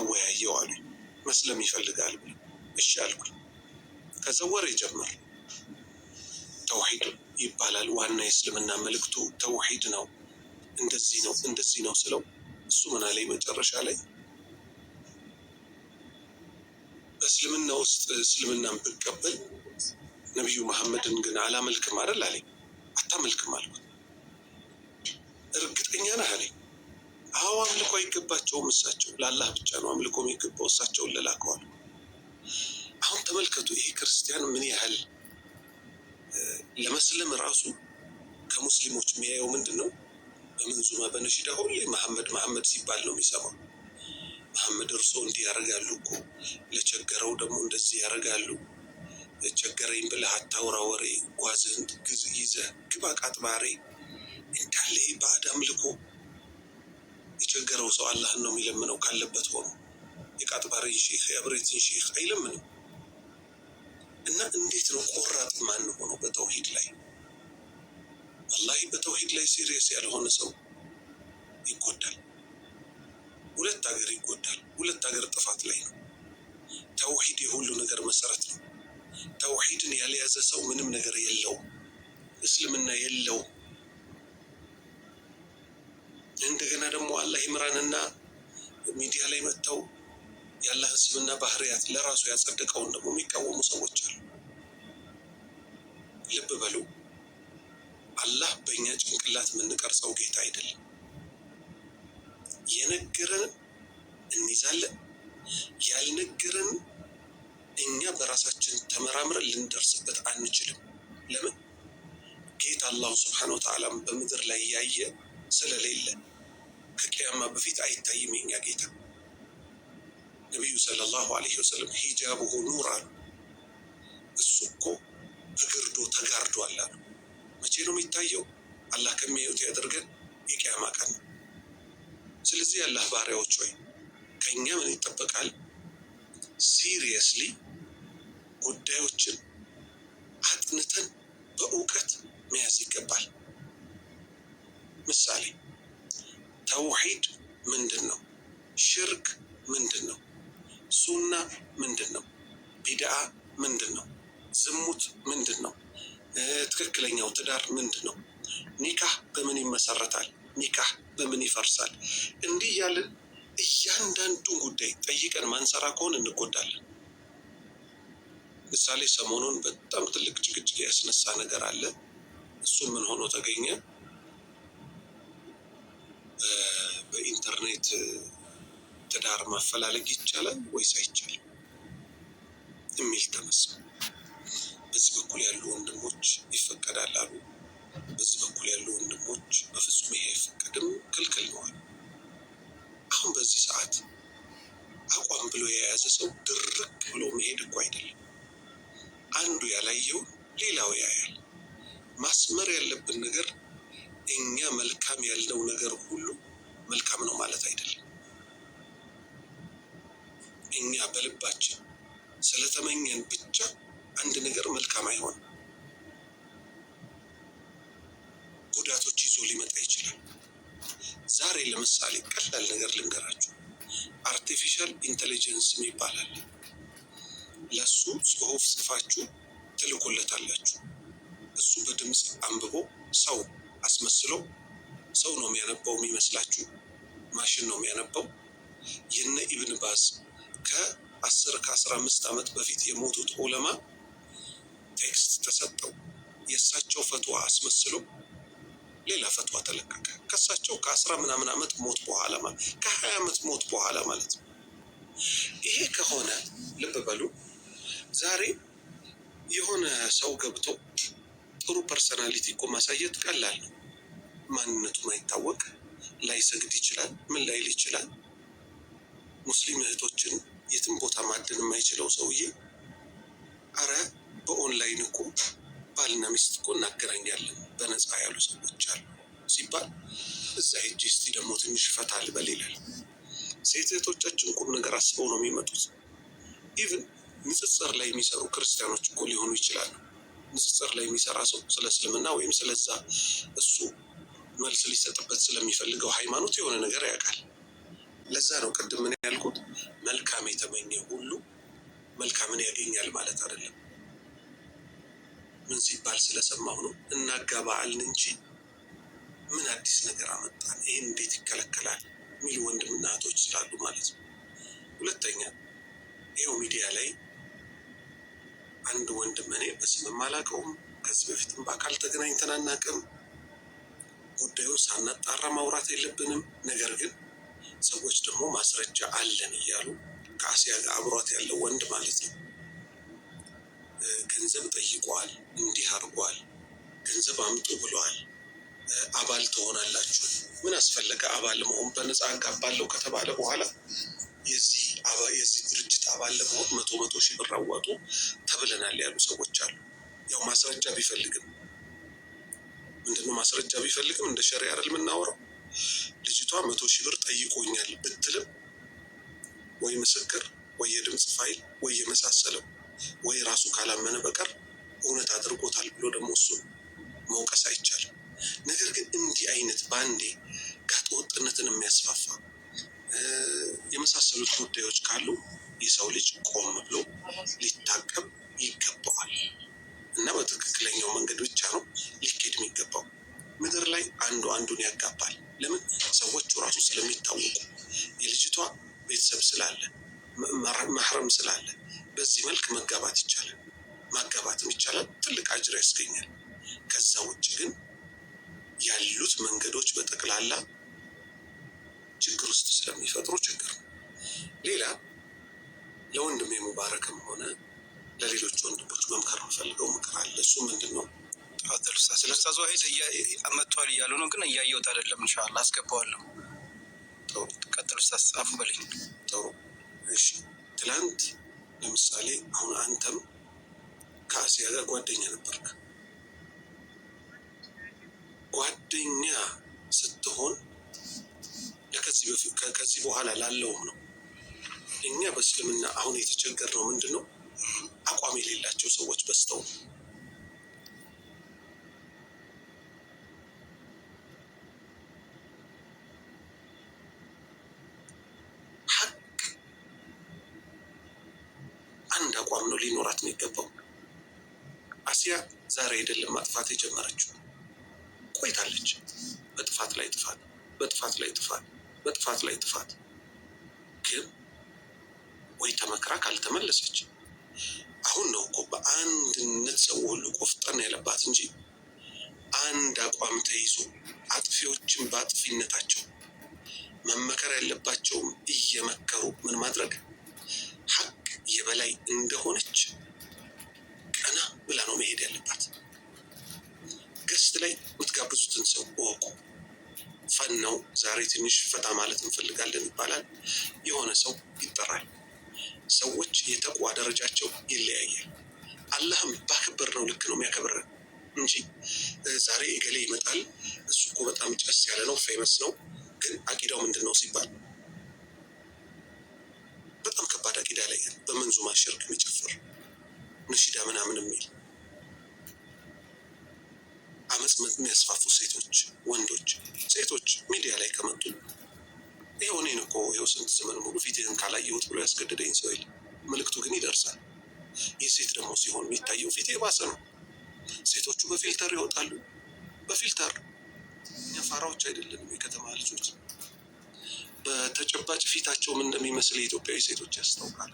አወያየው አሉኝ። መስለም ይፈልጋል ብሎ እሺ አልኩኝ። ከዛ ወሬ ጀመር። ተውሂድ ይባላል ዋና የእስልምና መልእክቱ ተውሂድ ነው፣ እንደዚህ ነው፣ እንደዚህ ነው ስለው እሱ ምን አለኝ መጨረሻ ላይ በእስልምና ውስጥ እስልምናን ብቀበል ነቢዩ መሐመድን ግን አላመልክም አይደል አለኝ። አታመልክም አልኩት። እርግጠኛ ነህ አለኝ። አዎ አምልኮ አይገባቸውም። እሳቸው ለአላህ ብቻ ነው አምልኮ የሚገባው። እሳቸውን ለላከዋል። አሁን ተመልከቱ፣ ይሄ ክርስቲያን ምን ያህል ለመስለም ራሱ ከሙስሊሞች የሚያየው ምንድን ነው? በመንዙማ በነሽዳ ሁሌ መሐመድ መሐመድ ሲባል ነው የሚሰማው። መሐመድ እርሶ እንዲህ ያደርጋሉ እኮ ለቸገረው ደግሞ እንደዚህ ያደርጋሉ። ቸገረኝ ብለህ አታውራ ወሬ፣ ጓዝህን ይዘህ ግባ ቃጥባሬ እንዳለ ባዕድ አምልኮ ማንኛውም ሰው አላህን ነው የሚለምነው ካለበት ሆኖ የቃጥባሬን ሼክ የአብሬትን ሼክ አይለምንም። እና እንዴት ነው ቆራጥ ማን ሆኖ በተውሂድ ላይ ወላሂ በተውሂድ ላይ ሲሪየስ ያልሆነ ሰው ይጎዳል። ሁለት ሀገር ይጎዳል። ሁለት ሀገር ጥፋት ላይ ነው። ተውሂድ የሁሉ ነገር መሰረት ነው። ተውሂድን ያልያዘ ሰው ምንም ነገር የለውም። እስልምና የለውም። እንደገና ደግሞ አላህ ይምራንና ሚዲያ ላይ መጥተው የአላህ ህዝብና ባህርያት ለራሱ ያጸደቀውን ደግሞ የሚቃወሙ ሰዎች አሉ። ልብ በሉ። አላህ በእኛ ጭንቅላት የምንቀርጸው ጌታ አይደለም። የነገረን እንይዛለን፣ ያልነገረን እኛ በራሳችን ተመራምረን ልንደርስበት አንችልም። ለምን ጌታ አላሁ ስብሓነ ወተዓላም በምድር ላይ ያየ ስለሌለ ከቅያማ በፊት አይታይም የኛ ጌታ። ነቢዩ ሰለላሁ አለይሂ ወሰለም ሂጃብሁ ኑር አሉ። እሱ እኮ በግርዶ ተጋርዷል አሉ። መቼ ነው የሚታየው? አላህ ከሚያዩት ያደርገን። የቅያማ ቀን ነው። ስለዚህ የአላህ ባሪያዎች ወይ ከእኛ ምን ይጠበቃል? ሲሪየስሊ ጉዳዮችን አጥንተን በእውቀት መያዝ ይገባል። ለምሳሌ ተውሒድ ምንድን ነው? ሽርክ ምንድን ነው? ሱና ምንድን ነው? ቢድአ ምንድን ነው? ዝሙት ምንድን ነው? ትክክለኛው ትዳር ምንድን ነው? ኒካህ በምን ይመሰረታል? ኒካህ በምን ይፈርሳል? እንዲህ ያለን እያንዳንዱን ጉዳይ ጠይቀን ማንሰራ ከሆን እንጎዳለን። ምሳሌ ሰሞኑን በጣም ትልቅ ጭቅጭቅ ያስነሳ ነገር አለ። እሱ ምን ሆኖ ተገኘ? በኢንተርኔት ትዳር ማፈላለግ ይቻላል ወይስ አይቻልም የሚል ተነሳ። በዚህ በኩል ያሉ ወንድሞች ይፈቀዳል አሉ። በዚህ በኩል ያሉ ወንድሞች በፍጹም ይሄ አይፈቀድም ክልክል ነዋል። አሁን በዚህ ሰዓት አቋም ብሎ የያዘ ሰው ድርቅ ብሎ መሄድ እኮ አይደለም። አንዱ ያላየውን ሌላው ያያል። ማስመር ያለብን ነገር እኛ መልካም ያልነው ነገር ሁሉ መልካም ነው ማለት አይደለም። እኛ በልባችን ስለተመኘን ብቻ አንድ ነገር መልካም አይሆንም። ጉዳቶች ይዞ ሊመጣ ይችላል። ዛሬ ለምሳሌ ቀላል ነገር ልንገራችሁ። አርቲፊሻል ኢንቴሊጀንስ ይባላል። ለሱ ጽሁፍ ጽፋችሁ ትልኮለታላችሁ። እሱ በድምፅ አንብቦ ሰው አስመስለው ሰው ነው የሚያነባው የሚመስላችሁ? ማሽን ነው የሚያነባው? የነ ኢብን ባዝ ከአስር ከአስራ አምስት ዓመት በፊት የሞቱት ዑለማ ቴክስት ተሰጠው የእሳቸው ፈትዋ አስመስሎ ሌላ ፈትዋ ተለቀቀ። ከእሳቸው ከአስራ ምናምን ዓመት ሞት በኋላ ማለት ከሀያ ዓመት ሞት በኋላ ማለት ነው። ይሄ ከሆነ ልብ በሉ ዛሬ የሆነ ሰው ገብቶ ጥሩ ፐርሰናሊቲ እኮ ማሳየት ቀላል ነው። ማንነቱ ማይታወቅ ላይሰግድ ይችላል። ምን ላይል ይችላል። ሙስሊም እህቶችን የትም ቦታ ማደን የማይችለው ሰውዬ አረ በኦንላይን እኮ ባልና ሚስት እኮ እናገናኛለን በነፃ ያሉ ሰዎች አሉ ሲባል እዛ ሄጅ እስቲ ደግሞ ትንሽ ፈታ ልበል ይላል። ሴት እህቶቻችን ቁም ነገር አስበው ነው የሚመጡት። ኢቭን ንጽጽር ላይ የሚሰሩ ክርስቲያኖች እኮ ሊሆኑ ይችላሉ። ንጽጽር ላይ የሚሰራ ሰው ስለ እስልምና ወይም ስለዛ እሱ መልስ ሊሰጥበት ስለሚፈልገው ሃይማኖት የሆነ ነገር ያውቃል። ለዛ ነው ቅድም ምን ያልኩት መልካም የተመኘ ሁሉ መልካምን ያገኛል ማለት አይደለም። ምን ሲባል ስለሰማሁ ነው እናጋባ አልን እንጂ ምን አዲስ ነገር አመጣን፣ ይህን እንዴት ይከለከላል የሚሉ ወንድምና እህቶች ስላሉ ማለት ነው። ሁለተኛ ይኸው ሚዲያ ላይ አንድ ወንድም እኔ በስምም አላውቀውም ከዚህ በፊትም በአካል ተገናኝተን አናውቅም ጉዳዩ ሳናጣራ ማውራት የለብንም። ነገር ግን ሰዎች ደግሞ ማስረጃ አለን እያሉ ከአሲያ ጋር አብሯት ያለው ወንድ ማለት ነው ገንዘብ ጠይቋል፣ እንዲህ አድርጓል፣ ገንዘብ አምጡ ብለዋል፣ አባል ትሆናላችሁ። ምን አስፈለገ አባል መሆን? በነፃ አጋባለሁ ከተባለ በኋላ የዚህ ድርጅት አባል ለመሆን መቶ መቶ ሺህ ብር አዋጡ ተብለናል ያሉ ሰዎች አሉ። ያው ማስረጃ ቢፈልግም ምንድነው ማስረጃ ቢፈልግም እንደ ሸሪ አይደል የምናወራው። ልጅቷ መቶ ሺህ ብር ጠይቆኛል ብትልም ወይ ምስክር ወይ የድምፅ ፋይል ወይ የመሳሰለው ወይ ራሱ ካላመነ በቀር እውነት አድርጎታል ብሎ ደግሞ እሱ መውቀስ አይቻልም። ነገር ግን እንዲህ አይነት በአንዴ ጋጥ ወጥነትን የሚያስፋፋ የመሳሰሉት ጉዳዮች ካሉ የሰው ልጅ ቆም ብሎ ሊታቀብ ይገባዋል። እና በትክክለኛው መንገድ ብቻ ነው ሊኬድ የሚገባው። ምድር ላይ አንዱ አንዱን ያጋባል። ለምን? ሰዎቹ ራሱ ስለሚታወቁ የልጅቷ ቤተሰብ ስላለ፣ ማህረም ስላለ፣ በዚህ መልክ መጋባት ይቻላል፣ ማጋባትም ይቻላል። ትልቅ አጅር ያስገኛል። ከዛ ውጭ ግን ያሉት መንገዶች በጠቅላላ ችግር ውስጥ ስለሚፈጥሩ ችግር ነው። ሌላ ለወንድም የሙባረክም ሆነ ለሌሎች ወንድሞች መምከር የምፈልገው ምክር አለ። እሱ ምንድን ነው? ስለ ኡስታዝ ዋሂድ መጥቷል እያሉ ነው፣ ግን እያየሁት አይደለም። እንሻላ አስገባዋለሁ። ቀጥል ኡስታዝ ጻፉ በለኝ። ጥሩ እሺ። ትላንት ለምሳሌ አሁን አንተም ከአስያ ጋር ጓደኛ ነበርክ። ጓደኛ ስትሆን ከዚህ በኋላ ላለውም ነው እኛ በእስልምና አሁን የተቸገርነው ምንድን ነው አቋም የሌላቸው ሰዎች በዝተው ነው። ሀቅ አንድ አቋም ነው ሊኖራት የሚገባው። አሲያ ዛሬ አይደለም ማጥፋት የጀመረችው፣ ቆይታለች። በጥፋት ላይ ጥፋት፣ በጥፋት ላይ ጥፋት፣ በጥፋት ላይ ጥፋት ግን ወይ ተመክራ ካልተመለሰች አሁን ነው እኮ በአንድነት ሰው ሁሉ ቆፍጠን ያለባት እንጂ አንድ አቋም ተይዞ አጥፊዎችን በአጥፊነታቸው መመከር ያለባቸውም እየመከሩ ምን ማድረግ ሀቅ የበላይ እንደሆነች ቀና ብላ ነው መሄድ ያለባት። ገስት ላይ የምትጋብዙትን ሰው እወቁ። ፈን ነው ዛሬ ትንሽ ፈታ ማለት እንፈልጋለን ይባላል። የሆነ ሰው ይጠራል። ሰዎች የተቋ ደረጃቸው ይለያያል። አላህም ባከበር ነው ልክ ነው የሚያከብረ? እንጂ ዛሬ እገሌ ይመጣል እሱ እኮ በጣም ጨስ ያለ ነው ፌመስ ነው፣ ግን አቂዳው ምንድን ነው ሲባል በጣም ከባድ አቂዳ ላይ በመንዙማ ሽርክ የሚጨፍር ነሺዳ ምናምን የሚል አመፅ የሚያስፋፉ ሴቶች፣ ወንዶች ሴቶች ሚዲያ ላይ ከመጡ ይኸው እኔን እኮ ይኸው ስንት ዘመን ሙሉ ፊትህን ካላየሁት ብሎ ያስገደደኝ ሰው የለም። መልእክቱ ግን ይደርሳል። ይህ ሴት ደግሞ ሲሆን የሚታየው ፊት የባሰ ነው። ሴቶቹ በፊልተር ይወጣሉ። በፊልተር እኛ ፋራዎች አይደለንም። የከተማ ልጆች በተጨባጭ ፊታቸው ምን እንደሚመስል የኢትዮጵያዊ ሴቶች ያስታውቃል።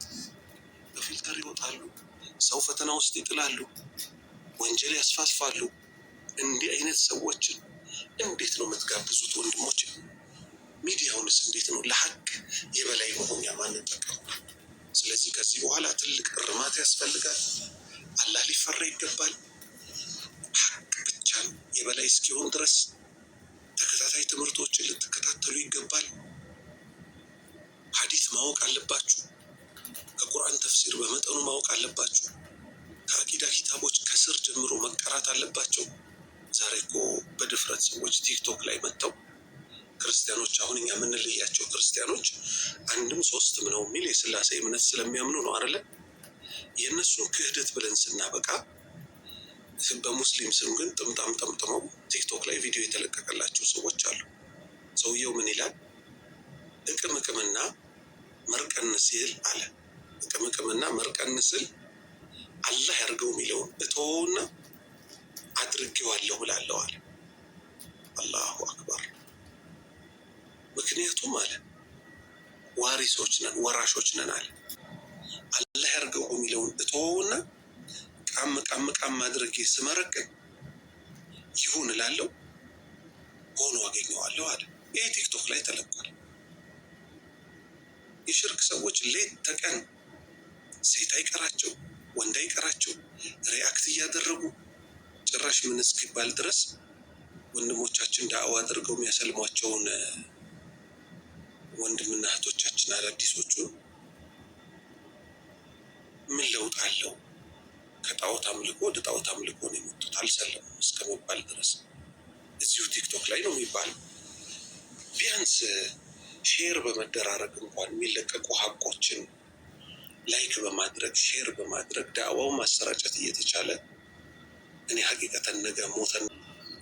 በፊልተር ይወጣሉ። ሰው ፈተና ውስጥ ይጥላሉ። ወንጀል ያስፋስፋሉ። እንዲህ አይነት ሰዎችን እንዴት ነው የምትጋብዙት ወንድሞች? ሚዲያውንስ እንዴት ነው ለሀቅ የበላይ መሆኛ ማንጠቀሙ? ስለዚህ ከዚህ በኋላ ትልቅ እርማት ያስፈልጋል። አላህ ሊፈራ ይገባል። ሀቅ ብቻ ነው የበላይ እስኪሆን ድረስ ተከታታይ ትምህርቶችን ልትከታተሉ ይገባል። ሀዲት ማወቅ አለባችሁ። ከቁርአን ተፍሲር በመጠኑ ማወቅ አለባችሁ። ከአቂዳ ኪታቦች ከስር ጀምሮ መቀራት አለባቸው። ዛሬ እኮ በድፍረት ሰዎች ቲክቶክ ላይ መጥተው ክርስቲያኖች አሁን እኛ የምንለያቸው ክርስቲያኖች አንድም ሶስትም ነው የሚል የስላሴ እምነት ስለሚያምኑ ነው አይደለ? የእነሱን ክህደት ብለን ስናበቃ በሙስሊም ስም ግን ጥምጣም ጠምጥመው ቲክቶክ ላይ ቪዲዮ የተለቀቀላቸው ሰዎች አሉ። ሰውየው ምን ይላል? እቅም እቅምና መርቀን ስል አለ። እቅም እቅምና መርቀን ስል አላህ ያርገው የሚለውን እቶና አድርጌዋለሁ ብላለዋል። አላሁ አክበር ምክንያቱም አለ ዋሪሶች ነን ወራሾች ነን አለ። አላህ ያርገው የሚለውን እቶና ቃም ቃም ቃም አድርጌ ስመረቅን ይሁን እላለው ሆኖ አገኘዋለሁ አለ። ይህ ቲክቶክ ላይ ተለቋል። የሽርክ ሰዎች ሌት ተቀን ሴት አይቀራቸው ወንድ አይቀራቸው ሪያክት እያደረጉ ጭራሽ ምን እስኪባል ድረስ ወንድሞቻችን ዳዕዋ አድርገው የሚያሰልሟቸውን ወንድምና እህቶቻችን አዳዲሶቹ ምን ለውጥ አለው? ከጣዖት አምልኮ ወደ ጣዖት አምልኮ ነው የመጡት። አልሰለሙም እስከ ድረስ እዚሁ ቲክቶክ ላይ ነው የሚባለው። ቢያንስ ሼር በመደራረግ እንኳን የሚለቀቁ ሀቆችን ላይክ በማድረግ ሼር በማድረግ ዳዕዋው ማሰራጨት እየተቻለ እኔ ሀቂቀተን ነገ ሞተን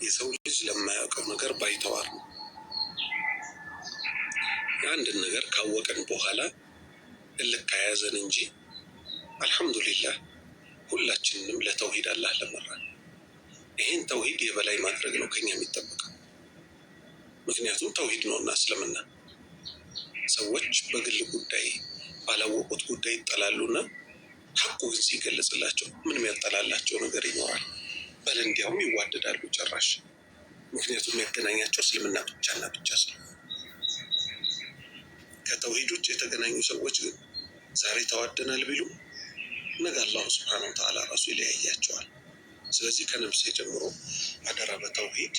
የሰው ልጅ ለማያውቀው ነገር ባይተዋር ነው። አንድን ነገር ካወቀን በኋላ እልካያዘን እንጂ አልሐምዱሊላህ ሁላችንንም ለተውሂድ አላህ ለመራን። ይህን ተውሂድ የበላይ ማድረግ ነው ከኛ የሚጠበቀው። ምክንያቱም ተውሂድ ነው እና እስልምና ሰዎች በግል ጉዳይ ባላወቁት ጉዳይ ይጠላሉና ሐቁ ግን ሲገለጽላቸው ምንም ያጠላላቸው ነገር ይኖራል? በል እንዲያውም ይዋደዳሉ ጭራሽ። ምክንያቱም ያገናኛቸው እስልምና ብቻና ብቻ ስለ ከተውሂድ ውጭ የተገናኙ ሰዎች ግን ዛሬ ተዋደናል ቢሉ ነገ አላሁ ስብሐነሁ ወተዓላ ራሱ ይለያያቸዋል። ስለዚህ ከነፍሴ ጀምሮ አደራ በተውሂድ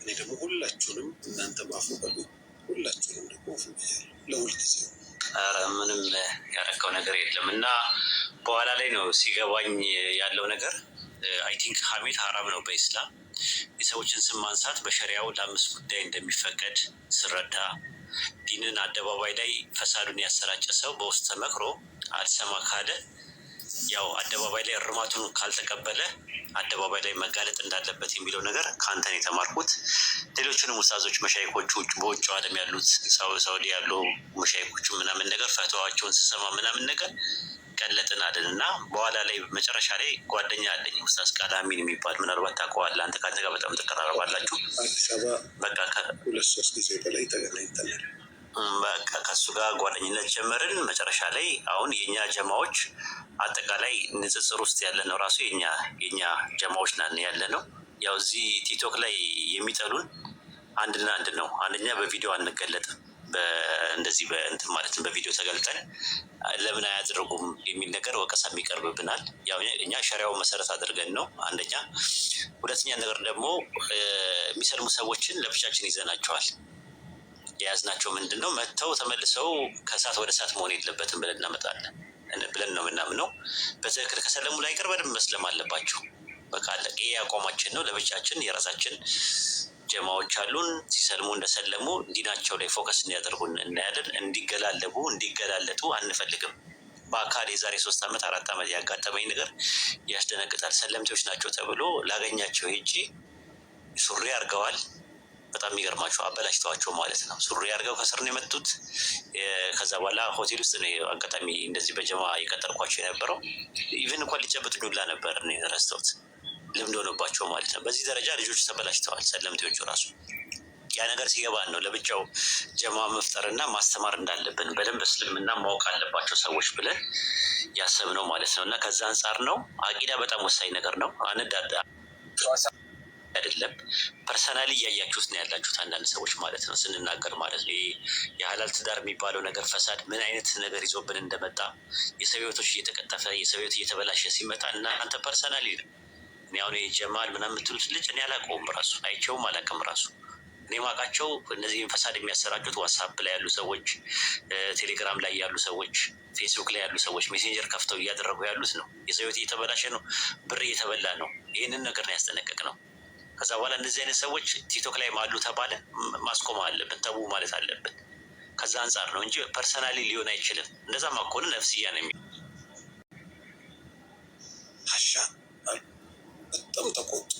እኔ ደግሞ ሁላችሁንም እናንተ ማፉ በሉ ሁላችሁንም ደግሞ ፉ ብያለሁ። ለሁልጊዜ ምንም ያረከው ነገር የለም እና በኋላ ላይ ነው ሲገባኝ ያለው ነገር አይ ቲንክ ሀሜት ሀራም ነው በኢስላም የሰዎችን ስም ማንሳት በሸሪያው ለአምስት ጉዳይ እንደሚፈቀድ ስረዳ ዲንን አደባባይ ላይ ፈሳዱን ያሰራጨ ሰው በውስጥ ተመክሮ አልሰማ ካለ ያው አደባባይ ላይ እርማቱን ካልተቀበለ አደባባይ ላይ መጋለጥ እንዳለበት የሚለው ነገር ከአንተን የተማርኩት። ሌሎችንም ውሳዞች መሻይኮቹ በውጭ ዓለም ያሉት ሳውዲ ያሉ መሻይኮቹ ምናምን ነገር ፈተዋቸውን ስሰማ ምናምን ነገር ቀለጥን አለን እና በኋላ ላይ መጨረሻ ላይ ጓደኛ አለኝ ውስታዝ ቃላሚን የሚባል ምናልባት ታውቀዋለህ አንተ ከአንተ ጋር በጣም ትቀራረባላችሁ አበባ ሁለት ሶስት ጊዜ በላይ ተገናኝተናል። በቃ ከሱ ጋር ጓደኝነት ጀመርን። መጨረሻ ላይ አሁን የእኛ ጀማዎች አጠቃላይ ንጽጽር ውስጥ ያለ ነው ራሱ የኛ ጀማዎች ናን ያለ ነው። ያው እዚህ ቲክቶክ ላይ የሚጠሉን አንድና አንድ ነው። አንደኛ በቪዲዮ አንገለጥም እንደዚህ በእንትን ማለትም በቪዲዮ ተገልጠን ለምን አያደርጉም የሚል ነገር ወቀሳም ይቀርብብናል። ያው እኛ ሸሪያው መሰረት አድርገን ነው አንደኛ። ሁለተኛ ነገር ደግሞ የሚሰልሙ ሰዎችን ለብቻችን ይዘናቸዋል። የያዝናቸው ምንድን ነው መጥተው ተመልሰው ከእሳት ወደ እሳት መሆን የለበትም ብለን እናመጣለን ብለን ነው የምናምነው። በትክክል ከሰለሙ ላይ ቅር በደንብ መስለም አለባቸው። በቃ አለቀ። ይሄ አቋማችን ነው። ለብቻችን የራሳችን ጀማዎች አሉን። ሲሰልሙ እንደሰለሙ ዲናቸው ላይ ፎከስ እንዲያደርጉን እናያለን። እንዲገላለቡ እንዲገላለጡ አንፈልግም። በአካል የዛሬ ሶስት ዓመት አራት ዓመት ያጋጠመኝ ነገር ያስደነግጣል። ሰለምቴዎች ናቸው ተብሎ ላገኛቸው ሄጄ ሱሪ አድርገዋል በጣም የሚገርማቸው አበላሽተዋቸው ማለት ነው። ሱሪ አድርገው ከስር ነው የመጡት። ከዛ በኋላ ሆቴል ውስጥ ነው አጋጣሚ እንደዚህ በጀማ የቀጠርኳቸው የነበረው። ኢቨን እንኳን ሊጨበጥ ዱላ ነበር ረስተውት ልምድ ሆነባቸው ማለት ነው። በዚህ ደረጃ ልጆች ተበላሽተዋል። ሰለምቴዎቹ ራሱ ያ ነገር ሲገባ ነው ለብቻው ጀማ መፍጠርና ማስተማር እንዳለብን በደንብ እስልምና ማወቅ አለባቸው ሰዎች ብለን ያሰብነው ማለት ነው። እና ከዛ አንጻር ነው አቂዳ በጣም ወሳኝ ነገር ነው አንዳዳ አይደለም። ፐርሰናሊ እያያችሁት ነው ያላችሁት አንዳንድ ሰዎች ማለት ነው ስንናገር ማለት ነው። የሀላል ትዳር የሚባለው ነገር ፈሳድ ምን አይነት ነገር ይዞብን እንደመጣ የሰው እየተቀጠፈ የሰው እየተበላሸ ሲመጣ እና አንተ ፐርሰናሊ ነው እኔ አሁን ጀማል ምናምን የምትሉት ልጅ እኔ አላውቀውም ራሱ አይቼውም አላውቅም ራሱ እኔ ማውቃቸው እነዚህን ፈሳድ የሚያሰራጩት ዋትሳፕ ላይ ያሉ ሰዎች፣ ቴሌግራም ላይ ያሉ ሰዎች፣ ፌስቡክ ላይ ያሉ ሰዎች ሜሴንጀር ከፍተው እያደረጉ ያሉት ነው። የሰው እየተበላሸ ነው፣ ብር እየተበላ ነው። ይህንን ነገር ነው ያስጠነቀቅ ነው። ከዛ በኋላ እንደዚህ አይነት ሰዎች ቲክቶክ ላይ ማሉ ተባለ፣ ማስቆም አለብን፣ ተዉ ማለት አለብን። ከዛ አንጻር ነው እንጂ ፐርሰናሊ ሊሆን አይችልም። እንደዛ ማኮን ነፍስያ ነው የሚ አሻ በጣም ተቆጡ።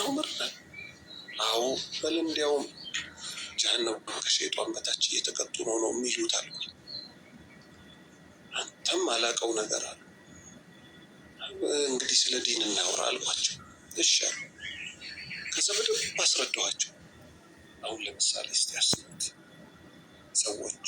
ነው ዑመር አዎ፣ በል እንዲያውም ጀሃነም ከሸይጧን በታች እየተቀጡ ነው ነው የሚሉት አሉ። አንተም አላቀው ነገር አለ እንግዲህ ስለ ዲን እናውራ አልኳቸው። እሺ ከዛ በደንብ አስረዳኋቸው። አሁን ለምሳሌ እስቲ ያስቡት ሰዎች